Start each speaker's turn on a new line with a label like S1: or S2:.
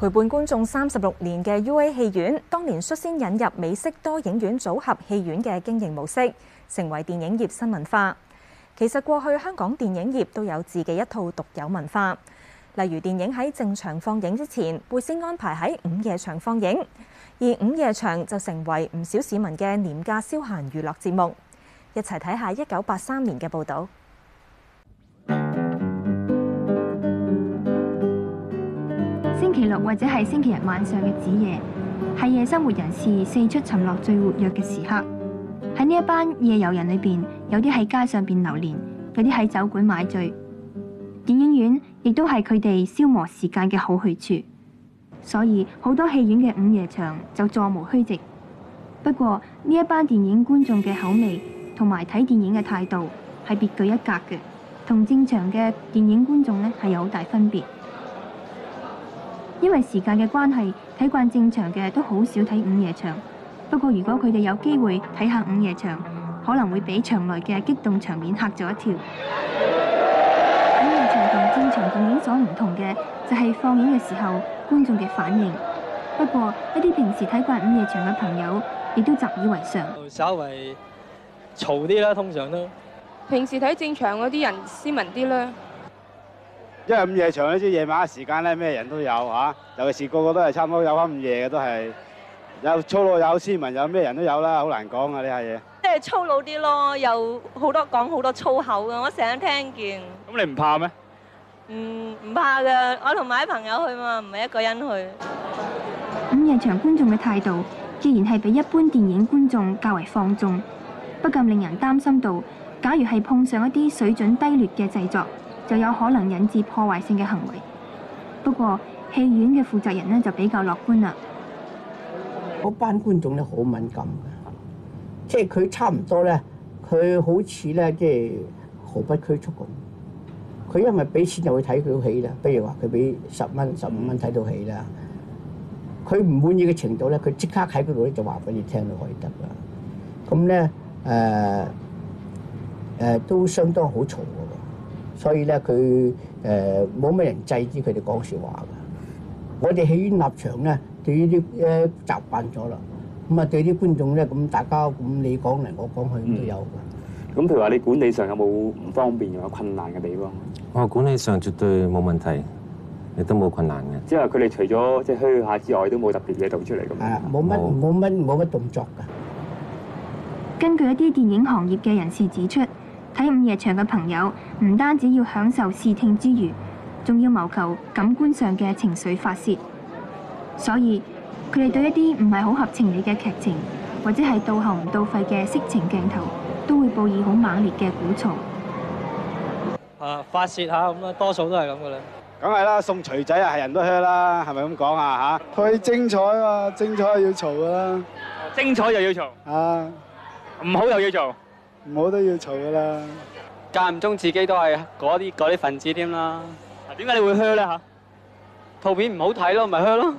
S1: 陪伴觀眾三十六年嘅 UA 戲院，當年率先引入美式多影院組合戲院嘅經營模式，成為電影業新文化。其實過去香港電影業都有自己一套獨有文化，例如電影喺正場放映之前，會先安排喺午夜場放映，而午夜場就成為唔少市民嘅廉價消閒娛樂節目。一齊睇下一九八三年嘅報導。星期六或者係星期日晚上嘅子夜，係夜生活人士四出尋樂最活躍嘅時刻。喺呢一班夜遊人裏邊，有啲喺街上邊流連，有啲喺酒館買醉。電影院亦都係佢哋消磨時間嘅好去處，所以好多戲院嘅午夜場就座無虛席。不過呢一班電影觀眾嘅口味同埋睇電影嘅態度係別具一格嘅，同正常嘅電影觀眾呢係有好大分別。因為時間嘅關係，睇慣正場嘅都好少睇午夜場。不過如果佢哋有機會睇下午夜場，可能會畀場內嘅激動場面嚇咗一跳。午夜場同正場電影所唔同嘅，就係放映嘅時候，觀眾嘅反應。不過一啲平時睇慣午夜場嘅朋友，亦都習以為常。稍為嘈啲啦，通常都。平時睇正場嗰啲人斯文啲啦。
S2: 因為午夜場呢啲夜晚嘅時間咧，咩人都有嚇，尤其是個個都係差唔多有翻午夜嘅，都係有粗魯有斯文，有咩人都有啦，好難講啊呢下嘢。
S1: 即係粗魯啲咯，有好多講好多粗口嘅，我成日聽見。咁你
S2: 唔怕咩？唔，
S1: 唔怕噶，我同埋啲朋友去嘛，唔係一個人去。午夜場觀眾嘅態度，既然係比一般電影觀眾較為放縱，不禁令人擔心到，假如係碰上一啲水準低劣嘅製作，就有可能引致破壞性嘅行為。不過戲院嘅負責人呢就比較樂觀
S2: 啦。嗰班觀眾咧好敏感嘅，即係佢差唔多咧，佢好似咧即係毫不拘束咁。佢因為俾錢就會睇到戲啦，比如話佢俾十蚊、十五蚊睇到戲啦。佢唔滿意嘅程度咧，佢即刻喺嗰度咧就話俾你聽都可以得噶。咁咧誒誒都相當好嘈嘅。所以咧，佢誒冇咩人制止佢哋講說話㗎。我哋喺立場咧，對呢啲誒習慣咗啦。咁啊，對啲觀眾咧，咁大家咁你講嚟我講去都有㗎。咁、嗯、譬如話，你管理上有冇唔方便又有困難嘅地方？我、哦、管理上絕對冇問題，亦都冇困難嘅。即係佢哋除咗即係噓下之外，都冇特別嘢做出嚟咁。係冇乜冇乜冇乜動作㗎。
S1: 根據一啲電影行業嘅人士指出。睇午夜場嘅朋友，唔單止要享受視聽之餘，仲要謀求感官上嘅情緒發泄，所以佢哋對一啲唔係好合情理嘅劇情，或者係道行唔到肺嘅色情鏡頭，都會報以好猛烈嘅鼓噪。啊！發泄下咁啦，多數都係咁噶啦。梗係啦，送錘仔是是
S2: 啊，係人都靴啦，係咪咁講啊？嚇！
S1: 太精彩啊！精彩就要嘈啊。精彩
S2: 就要嘈。啊！
S1: 唔好又要嘈。
S2: 我都都要嘈㗎啦，間唔中自己都係嗰啲嗰啲份子添啦。啊，點解你會靴呢？嚇？
S1: 圖片唔好睇咯，咪靴囉。